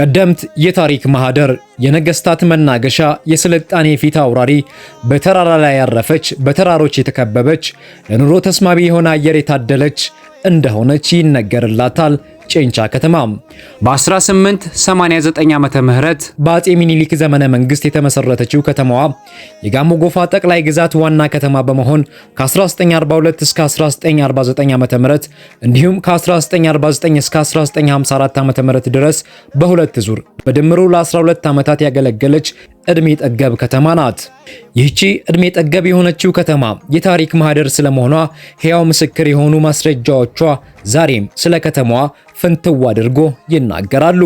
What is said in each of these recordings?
ቀደምት የታሪክ ማህደር፣ የነገስታት መናገሻ፣ የስልጣኔ ፊት አውራሪ፣ በተራራ ላይ ያረፈች፣ በተራሮች የተከበበች፣ ለኑሮ ተስማሚ የሆነ አየር የታደለች እንደሆነች ይነገርላታል። ጨንቻ ከተማ በ1889 ዓመተ ምህረት በአፄ ሚኒሊክ ዘመነ መንግስት የተመሰረተችው ከተማዋ የጋሞ ጎፋ ጠቅላይ ግዛት ዋና ከተማ በመሆን ከ1942 እስከ 1949 ዓመተ ምህረት እንዲሁም ከ1949 እስከ 1954 ዓመተ ምህረት ድረስ በሁለት ዙር በድምሩ ለ12 ዓመታት ያገለገለች እድሜ ጠገብ ከተማ ናት። ይህቺ እድሜ ጠገብ የሆነችው ከተማ የታሪክ ማህደር ስለመሆኗ ሕያው ምስክር የሆኑ ማስረጃዎቿ ዛሬም ስለ ከተማዋ ፍንትው አድርጎ ይናገራሉ።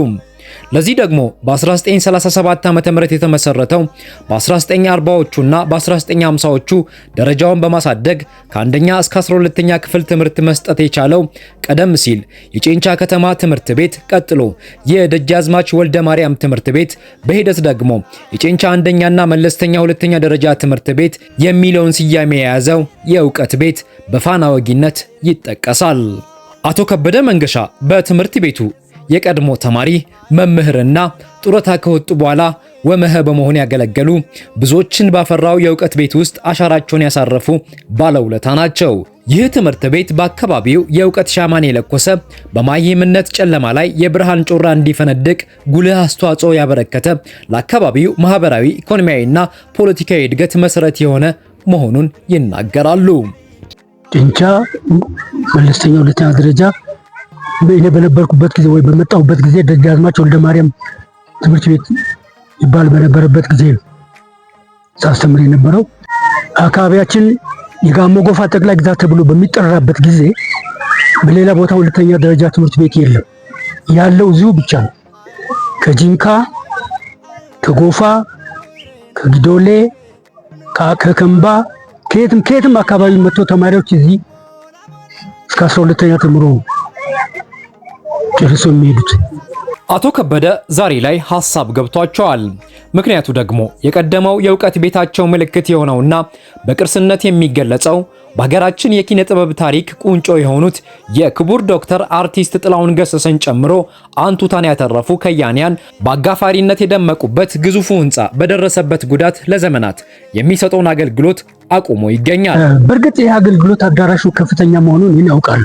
ለዚህ ደግሞ በ1937 ዓ.ም የተመሰረተው በ1940ዎቹና በ1950ዎቹ ደረጃውን በማሳደግ ከአንደኛ እስከ 12ኛ ክፍል ትምህርት መስጠት የቻለው ቀደም ሲል የጨንቻ ከተማ ትምህርት ቤት፣ ቀጥሎ የደጃዝማች ወልደ ማርያም ትምህርት ቤት፣ በሂደት ደግሞ የጨንቻ አንደኛና መለስተኛ ሁለተኛ ደረጃ ትምህርት ቤት የሚለውን ስያሜ የያዘው የእውቀት ቤት በፋና ወጊነት ይጠቀሳል። አቶ ከበደ መንገሻ በትምህርት ቤቱ የቀድሞ ተማሪ መምህርና ጡረታ ከወጡ በኋላ ወመኸ በመሆን ያገለገሉ ብዙዎችን ባፈራው የእውቀት ቤት ውስጥ አሻራቸውን ያሳረፉ ባለውለታ ናቸው። ይህ ትምህርት ቤት በአካባቢው የእውቀት ሻማን የለኮሰ በማይምነት ጨለማ ላይ የብርሃን ጮራ እንዲፈነድቅ ጉልህ አስተዋጽኦ ያበረከተ ለአካባቢው ማህበራዊ፣ ኢኮኖሚያዊና ፖለቲካዊ እድገት መሰረት የሆነ መሆኑን ይናገራሉ። ጭንቻ መለስተኛ ሁለተኛ ደረጃ እኔ በነበርኩበት ጊዜ ወይ በመጣሁበት ጊዜ ደጃዝማች ወልደ ማርያም ትምህርት ቤት ይባል በነበረበት ጊዜ ሳስተምር የነበረው። አካባቢያችን የጋሞ ጎፋ ጠቅላይ ግዛት ተብሎ በሚጠራበት ጊዜ በሌላ ቦታ ሁለተኛ ደረጃ ትምህርት ቤት የለም፣ ያለው እዚሁ ብቻ ነው። ከጂንካ ከጎፋ ከጊዶሌ ከከምባ ከየትም ከየትም አካባቢ መጥቶ ተማሪዎች እዚህ እስከ አስራ ሁለተኛ ተምሮ ነው ጨርሶ የሚሄዱት። አቶ ከበደ ዛሬ ላይ ሀሳብ ገብቷቸዋል። ምክንያቱ ደግሞ የቀደመው የእውቀት ቤታቸው ምልክት የሆነውና በቅርስነት የሚገለጸው በሀገራችን የኪነ ጥበብ ታሪክ ቁንጮ የሆኑት የክቡር ዶክተር አርቲስት ጥላሁን ገሰሰን ጨምሮ አንቱታን ያተረፉ ከያንያን በአጋፋሪነት የደመቁበት ግዙፉ ሕንፃ በደረሰበት ጉዳት ለዘመናት የሚሰጠውን አገልግሎት አቁሞ ይገኛል። በእርግጥ ይህ አገልግሎት አዳራሹ ከፍተኛ መሆኑን ይህን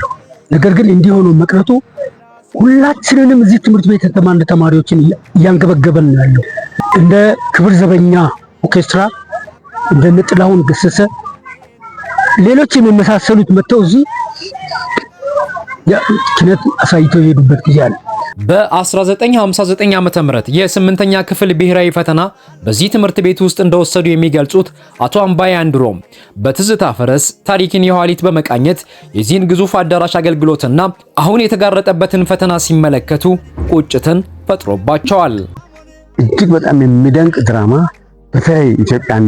ነገር ግን እንዲሆኑ መቅረቱ ሁላችንንም እዚህ ትምህርት ቤት የተማርን ተማሪዎችን እያንገበገበን ነው ያለው። እንደ ክብር ዘበኛ ኦርኬስትራ፣ እንደ ጥላሁን ገሰሰ፣ ሌሎች የመሳሰሉት መጥተው እዚህ ኪነት አሳይተው የሄዱበት ጊዜ አለ። በ1959 ዓ ም የስምንተኛ ክፍል ብሔራዊ ፈተና በዚህ ትምህርት ቤት ውስጥ እንደወሰዱ የሚገልጹት አቶ አምባይ አንድሮም በትዝታ ፈረስ ታሪክን የኋሊት በመቃኘት የዚህን ግዙፍ አዳራሽ አገልግሎትና አሁን የተጋረጠበትን ፈተና ሲመለከቱ ቁጭትን ፈጥሮባቸዋል። እጅግ በጣም የሚደንቅ ድራማ በተለይ ኢትዮጵያን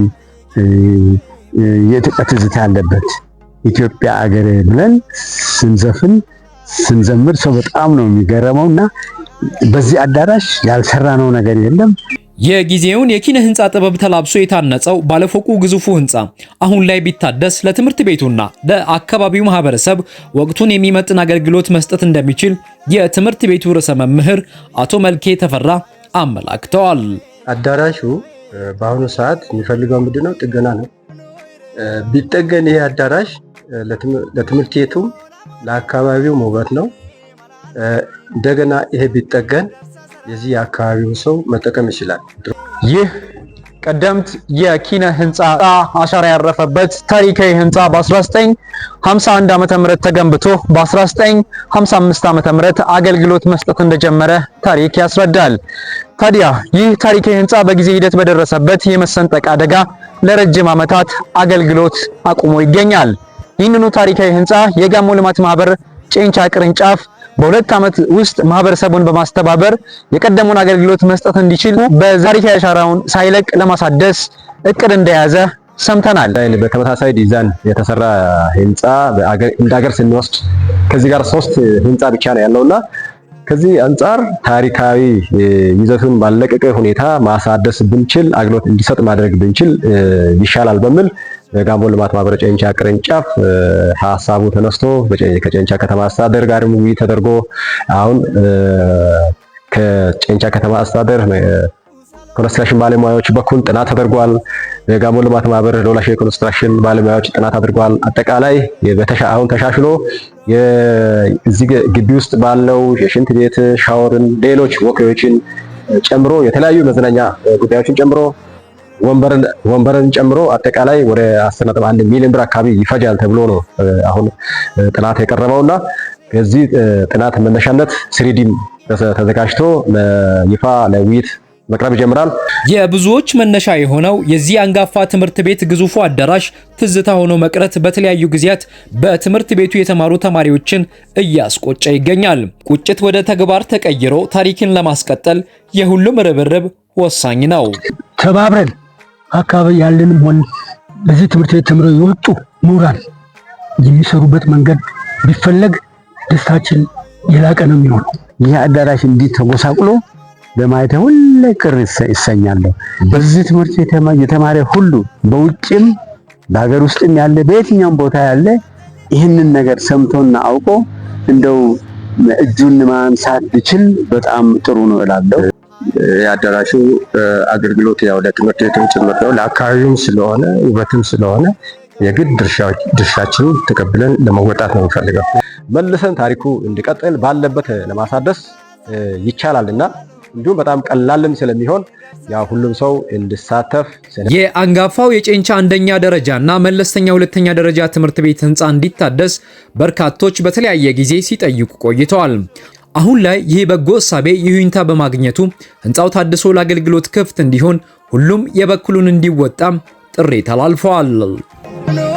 የኢትዮጵያ ትዝታ ያለበት ኢትዮጵያ አገሬ ብለን ስንዘፍን ስንዘምር ሰው በጣም ነው የሚገረመው እና በዚህ አዳራሽ ያልሰራነው ነገር የለም። የጊዜውን የኪነ ህንፃ ጥበብ ተላብሶ የታነጸው ባለፎቁ ግዙፉ ህንፃ አሁን ላይ ቢታደስ ለትምህርት ቤቱና ለአካባቢው ማህበረሰብ ወቅቱን የሚመጥን አገልግሎት መስጠት እንደሚችል የትምህርት ቤቱ ርዕሰ መምህር አቶ መልኬ ተፈራ አመላክተዋል። አዳራሹ በአሁኑ ሰዓት የሚፈልገው ምንድን ነው? ጥገና ነው። ቢጠገን ይሄ አዳራሽ ለትምህርት ቤቱም ለአካባቢው ውበት ነው። እንደገና ይሄ ቢጠገን የዚህ የአካባቢው ሰው መጠቀም ይችላል። ይህ ቀደምት የኪነ ህንፃ አሻራ ያረፈበት ታሪካዊ ህንፃ በ1951 ዓመተ ምህረት ተገንብቶ በ1955 ዓመተ ምህረት አገልግሎት መስጠት እንደጀመረ ታሪክ ያስረዳል። ታዲያ ይህ ታሪካዊ ህንፃ በጊዜ ሂደት በደረሰበት የመሰንጠቅ አደጋ ለረጅም ዓመታት አገልግሎት አቁሞ ይገኛል። ይህንኑ ታሪካዊ ህንፃ የጋሞ ልማት ማህበር ጨንቻ ቅርንጫፍ በሁለት ዓመት ውስጥ ማህበረሰቡን በማስተባበር የቀደመውን አገልግሎት መስጠት እንዲችል በታሪካዊ አሻራውን ሳይለቅ ለማሳደስ እቅድ እንደያዘ ሰምተናል። በተመሳሳይ ዲዛይን የተሰራ ህንፃ እንደ ሀገር ስንወስድ ከዚህ ጋር ሶስት ህንፃ ብቻ ነው ያለውና ከዚህ አንጻር ታሪካዊ ይዘቱን ባለቀቀ ሁኔታ ማሳደስ ብንችል አገልግሎት እንዲሰጥ ማድረግ ብንችል ይሻላል በሚል ጋንቦ ልማት ማህበረ ጨንቻ ቅርንጫፍ ሀሳቡ ተነስቶ ከጨንቻ ከተማ አስተዳደር ጋር ውይይት ተደርጎ አሁን ከጨንቻ ከተማ አስተዳደር ኮንስትራክሽን ባለሙያዎች በኩል ጥናት ተደርጓል። የጋሞ ልማት ማህበር ሎላሽ የኮንስትራክሽን ባለሙያዎች ጥናት አድርጓል። አጠቃላይ አሁን ተሻሽሎ እዚህ ግቢ ውስጥ ባለው የሽንት ቤት ሻወርን፣ ሌሎች ወክዎችን ጨምሮ የተለያዩ መዝናኛ ጉዳዮችን ጨምሮ ወንበርን ጨምሮ አጠቃላይ ወደ 11 ሚሊዮን ብር አካባቢ ይፈጃል ተብሎ ነው አሁን ጥናት የቀረበውና ከዚህ ጥናት መነሻነት ስሪዲም ተዘጋጅቶ ይፋ ለውይይት መቅረብ ይጀምራል። የብዙዎች መነሻ የሆነው የዚህ አንጋፋ ትምህርት ቤት ግዙፉ አዳራሽ ትዝታ ሆኖ መቅረት በተለያዩ ጊዜያት በትምህርት ቤቱ የተማሩ ተማሪዎችን እያስቆጨ ይገኛል። ቁጭት ወደ ተግባር ተቀይሮ ታሪክን ለማስቀጠል የሁሉም ርብርብ ወሳኝ ነው። ተባብረን አካባቢ ያለንም ሆን በዚህ ትምህርት ቤት ተምረው የወጡ ምሁራን የሚሰሩበት መንገድ ቢፈለግ ደስታችን የላቀ ነው የሚሆነው። ይህ አዳራሽ እንዲህ ተጎሳቁሎ በማየት ሁሌ ቅር ይሰኛለሁ። በዚህ ትምህርት የተማረ ሁሉ በውጭም በሀገር ውስጥም ያለ በየትኛውም ቦታ ያለ ይህንን ነገር ሰምቶና አውቆ እንደው እጁን ማንሳት ቢችል በጣም ጥሩ ነው እላለሁ። የአዳራሹ አገልግሎት ያው ለትምህርት ቤቱም ጭምር ነው፣ ለአካባቢውም ስለሆነ ውበትም ስለሆነ የግድ ድርሻችንን ተቀብለን ለመወጣት ነው የሚፈልገው። መልሰን ታሪኩ እንዲቀጥል ባለበት ለማሳደስ ይቻላልና እንዲሁም በጣም ቀላልም ስለሚሆን ያ ሁሉም ሰው እንድሳተፍ። የአንጋፋው የጨንቻ አንደኛ ደረጃ እና መለስተኛ ሁለተኛ ደረጃ ትምህርት ቤት ህንፃ እንዲታደስ በርካቶች በተለያየ ጊዜ ሲጠይቁ ቆይተዋል። አሁን ላይ ይህ በጎ እሳቤ ይሁንታ በማግኘቱ ህንፃው ታድሶ ለአገልግሎት ክፍት እንዲሆን ሁሉም የበኩሉን እንዲወጣም ጥሪ ተላልፈዋል።